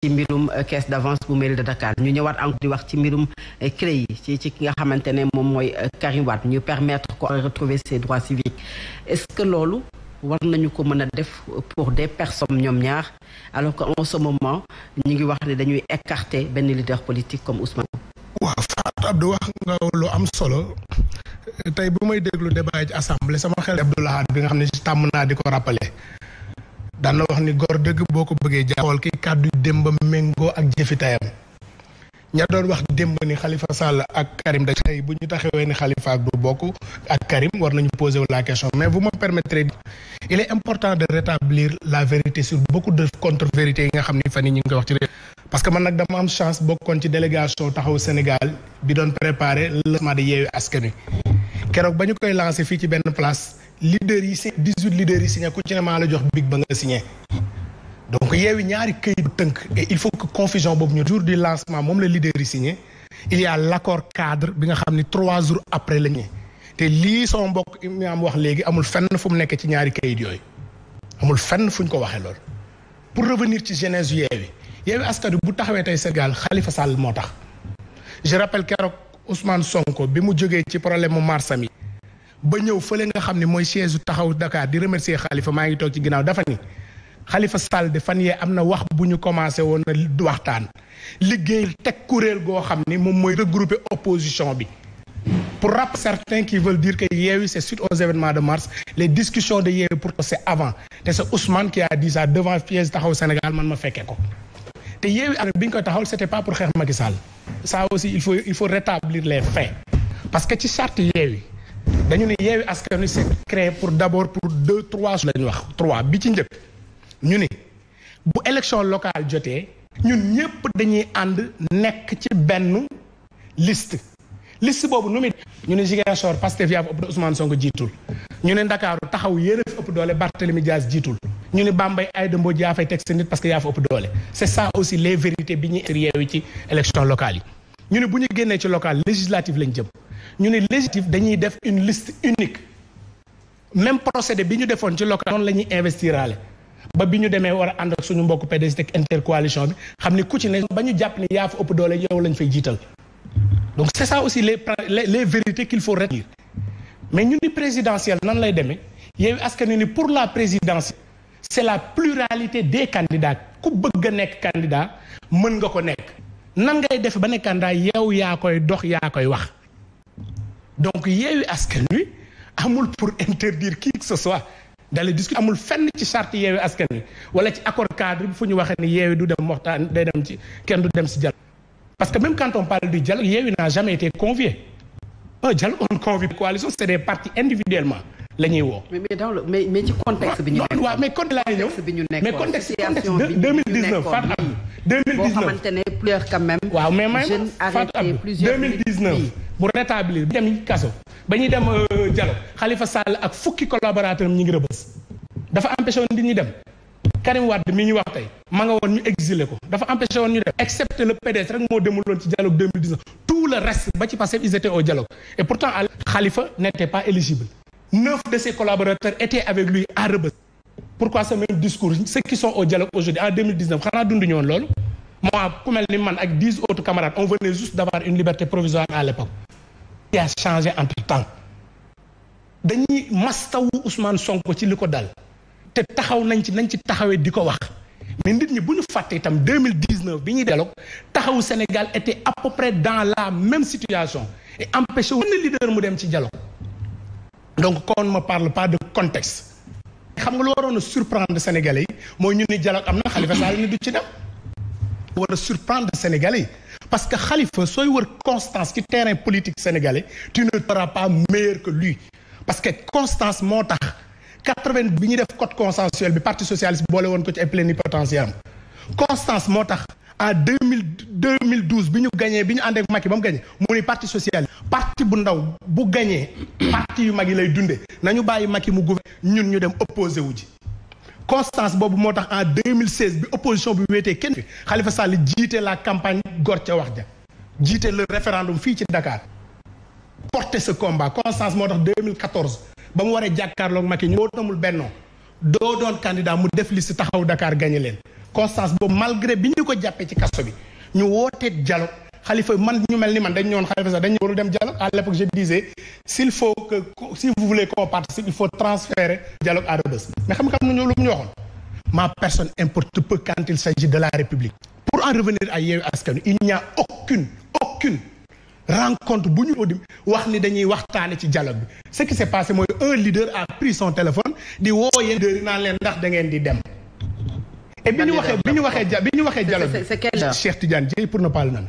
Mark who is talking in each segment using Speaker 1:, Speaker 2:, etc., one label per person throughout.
Speaker 1: ci mbirum euh, caisse d'avance bu mairie de Dakar ñu ñëwaat encore di wax ci mbirum euh, créé ci ci ki nga xamantene mom moy euh, Karim Wade ñu permettre ko retrouver ses droits civiques est-ce que lolu war nañu ko mëna def pour des personnes ñom ñaar alors que en ce moment ñi ngi wax ni dañuy écarter ben leader politique comme Ousmane. waaw Fatou Abdou wax nga
Speaker 2: lu am solo tay bu may déglu débat ci assemblée sama xel Abdoulaye bi nga xamné ci tàmm naa di rappeler. daan na wax ni gor dëgg boo ko bëggee jaawal ki kàddu démb méngoo ak jëfitayam ña doon wax démb ni Khalifa Sall ak Karim da tey bu ñu taxawee ni Khalifa ak du bokk ak Karim war nañu poser la question mais vous me permettrez il est important de rétablir la vérité sur beaucoup de contre-vérités yi nga xam ni fan yi ñu ngi koy wax ci réew parce que man nag dama am chance bokkoon ci délégation taxaw Sénégal bi doon préparer le ma de Yewwi Askan Wi keroog ba ñu fii ci benn place leader yi si 18 leader yi signé ku ci ne maa la jox big ba nga signé donc yewi ñaari bu teunk et il faut que confusion bobu ñu jour du lancement mom le leader yi signé il y a l'accord cadre bi nga xamni 3 jours après la ñu té li sama mbokk imam wax légui amul fenn fu mu nekk ci ñaari këyit yoy amul fenn fuñ ko waxé lool pour revenir ci jeunesse yewi yewi askar bu taxawé tay Sénégal Khalifa Sall motax je rappelle kérok Ousmane Sonko bi mu joggé ci problème marsami ba ñëw fële nga xam ne mooy siège taxaw Dakar di remercier Khalifa maa ngi toog ci ginnaaw dafa ni Khalifa Sall de fan yee am na wax bu ñu commencé woon na waxtaan liggéey teg kuréel goo xam ni moom mooy regrouper opposition bi pour rap certains qui veulent dire que Yewwi c'est suite aux événements de mars les discussions de Yewwi Pourtant c'est avant te c'est Ousmane qui a dit ça devant piège taxaw Sénégal man ma fekkee ko te Yewwi ak bi ñu ko taxawal c'était pas pour xeex Macky Sall ça aussi il faut il faut rétablir les faits parce que ci charte Yewwi dañu ne yeewi askan wi c'est créé pour d'abord pour deux trois lañ wax trois bi ci njëkk ñu ni bu élection locale jotee ñun ñëpp dañuy ànd nekk ci benn liste liste boobu nu muy ñu ne Ziguinchor Pastef yaa ëpp Ousmane Sonko jiitul ñu ne Ndakaaru taxaw yéen a fi ëpp doole Barthélémy Diaz jiitul ñu ne Bambey Aïda Mbodj yaa fay teg sa nit parce que yaa fa ëpp doole c'est ça aussi les vérités bi ñuy yeewi ci élection locale yi ñu ne bu ñu génnee ci local législative lañ jëm ñu ne législatif dañuy def une liste unique même procédé bi ñu defoon ci local noonu la ñuy investirale ba bi ñu demee war a ànd ak suñu mbokk PDS ak intercoalition bi xam ne ku ci ne ba ñu jàpp ni yaa fa ëpp doole yow lañ fay jiital donc c'est ça aussi les les, les vérités qu'il faut retenir mais ñu ni présidentielle nan lay demee Yewwi Askan Wi ni pour la présidentielle c'est la pluralité des candidats ku bëgg a nekk candidat mën nga ko nekk nan ngay def ba ne candidat yow yaa koy dox yaa koy wax donc yeewi askan wi amul pour interdire qui que ce soit d'aller discuter amul fenn ci charte yewé askan wi wala ci accord cadre bi fu ñu ni yewé du dem waxtaan day dem ci kenn du dem si dialogue parce que même quand on parle du dialogue yewé n'a jamais été convié un dialogue on convie coalition c'est des partis individuellement lañuy wo
Speaker 1: mais mais dans le mais mais ci contexte bi ñu. mais contexte la ñëw mais contexte contexte 2019,
Speaker 2: mille dix neuf Fatou plusieurs quand même. waaw mais même 2019. Pour rétablir bien dem kaso ba ñuy dem euh, dialogue Khalifa Sall ak fukki collaborateur ñi ngi rëbës dafa empêché woon ñi ñuy dem Karim Wade mi ñu wax tay ma nga won ñu exilé ko dafa empêché won ñu dem excepté le PDS rek moo demuloon ci dialogue 2019 tout le reste ba ci passé ils étaient au dialogue et pourtant Khalifa n'était pas éligible neuf de ses collaborateurs étaient avec lui à rebeus pourquoi ce même discours ceux qui sont au dialogue aujourd'hui en 2019 xanaa dunduñu woon lool moi ku mel avec man ak dix autres camarades on venait juste d'avoir une liberté provisoire à l'époque il a changé entre temps dañuy mastawu Ousmane Sonko ci liko dal té taxaw nañ ci nañ ci taxawé diko wax mais nit ñi buñu faté tam 2019 biñu ñuy dialogue taxawu Sénégal était à peu près dans la même situation et empêché un leader mu dem ci dialogue donc on ne me parle pas de contexte. xam nga lu waroon surprendre Sénégalais moy ñu ni dialogue amna Khalifa Sall ni du ci dem war surprendre Sénégalais parce que Khalifa, une constance qui terrain politique sénégalais, tu ne seras pas meilleur que lui. Parce que Constance Montar, 80 a de def code consensuel bi parti socialiste boole est ko ci plénipotentiaire Constance Montar, en 2012, mille deux gagné, douze bi gagné, gañee Macky parti socialiste parti bu ndaw bu parti yu lay dunde nañu bàyyi Macky mu gouverner ñun ñu dem opposé wu constance boobu moo tax en 2016 bi opposition bi wéetee kenn Khalifa Sall jiite la campagne gor ca wax ja jiite le référendum fii ci dakaar porte ce combat constance moo tax 2014 ba mu waree jàkkaarloog Macky ñu boo tamul bennoo doo doon candidat mu def liste taxaw dakaar gagné leen constance boobu malgré bi ñu ko jàppee ci kaso bi ñu wootee dialogue Khalifa, man ñu mel man dañ ñoon Khalifa, sax dañ warul dem dialogue à l'époque je disais s'il faut que si vous voulez qu'on participe il faut transférer dialogue à Rebeuss mais xam nga xam nañu lu mu ma personne importe peu quand il s'agit de la République pour en revenir à Yewwi il n'y a aucune aucune rencontre bu ñu wax ni dañuy ci dialogue bi ce qui s'est passé mooy un leader a pris son téléphone di oh, yéen leaders yi naan leen ndax da ngeen di dem et bi ñu waxee dialogue Cheikh Tidiane Dièye pour ne pas le nommer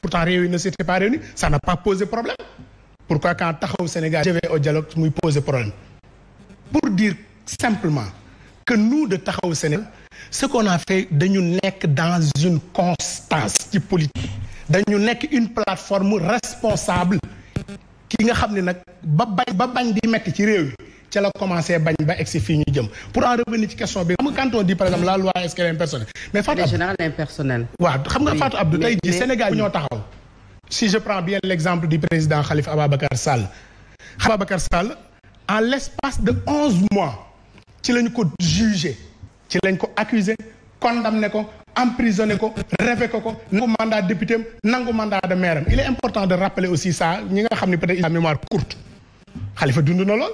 Speaker 2: pourtant ne s'était pas ça n'a pas posé problème pourquoi quand au Sénégal je vais au dialogue problème pour dire simplement que nous de Sénégal ce qu'on a fait nous sommes dans une constance politique une plateforme responsable qui, ca la commencé bañ ba exi fi ñu jëm pour en revenir ci question bi canton quand on dit par exemple la loi est-ce qu'elle est impersonnelle mais Fatou Abdou waaw xam nga Fatou Abdou tay jii Sénégal ñoo taxaw si je prends bien l'exemple du président Khalifa Sal Sall Ababakar Sall en l'espace de 11 mois ci lañ ko jugé ci lañ ko accusé condamné ko emprisonné ko révoqué ko nangu mandat député nangu mandat de maire il est important de rappeler aussi ça ñi nga xam a peut-être il a mémoire courte Khalifa dund na lol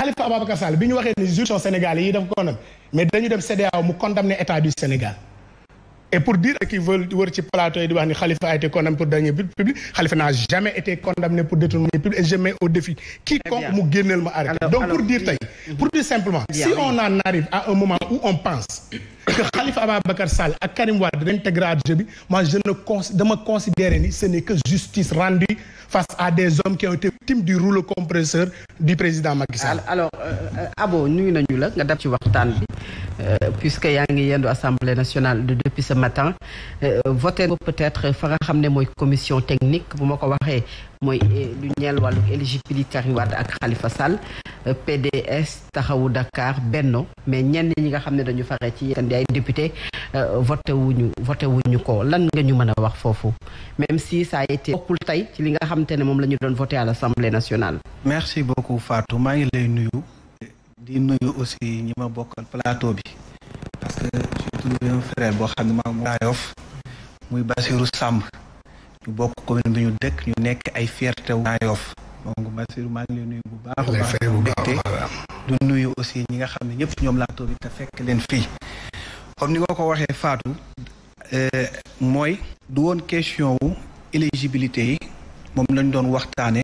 Speaker 2: Khalifa Ababacar Sall y waxé ni ne juridiction sénégalais yi dafa ko mais dañu dem CDA mu condamné état du Sénégal et pour dire qu'ils veulent wër ci plateau di Khalifa a été condamné pour détournement public Khalifa n'a jamais été condamné pour le public et je au défi quiconque mu génneel ma donc pour dire pour dire simplement si on en arrive à un moment où on pense que Khalifa Ababacar Sall ak Karim Wade dañ bi moi je ne me considérer ni ce n'est que justice rendue face à des hommes qui ont été victimes du rouleau
Speaker 1: compresseur du président Macky Sall. alors euh, euh, Abo nous nañu la nga dab ci bi euh, puisque nous avons yendu assemblée nationale depuis ce matin voté peut-être fa ramener xam commission technique pour moi ko waxee mooy lu ñeel éligibilité Karim Wade ak Khalifa Sall PDS taxawu Dakar Benno mais ñenn ñi nga xam de dañu fare ci ay députés. Euh, voté wuñu voté wuñu ko lan nga ñu mëna wax fofu même si ça a été bokkul tay ci li nga xamante ne moom la ñu doon voté à l'Assemblée nationale.
Speaker 2: merci beaucoup Fatou ma ngi lay nuyu. di nuyu aussi ñima bokkal plateau bi. parce que surtout un frère bo xam ne maa mu Yoff muy Bassirou Samb ñu bokk commune bi ñu dekk ñu nekk ay fierté wu Yoff donc Bassirou ma ngi lay nuyu bu baax. bu baax du nuyu aussi ñi nga xam ne ñom la tobi ta fekk len fi comme ni nga ko waxee Fatou euh, mooy du woon question wu éligibilité yi moom lañ doon waxtaane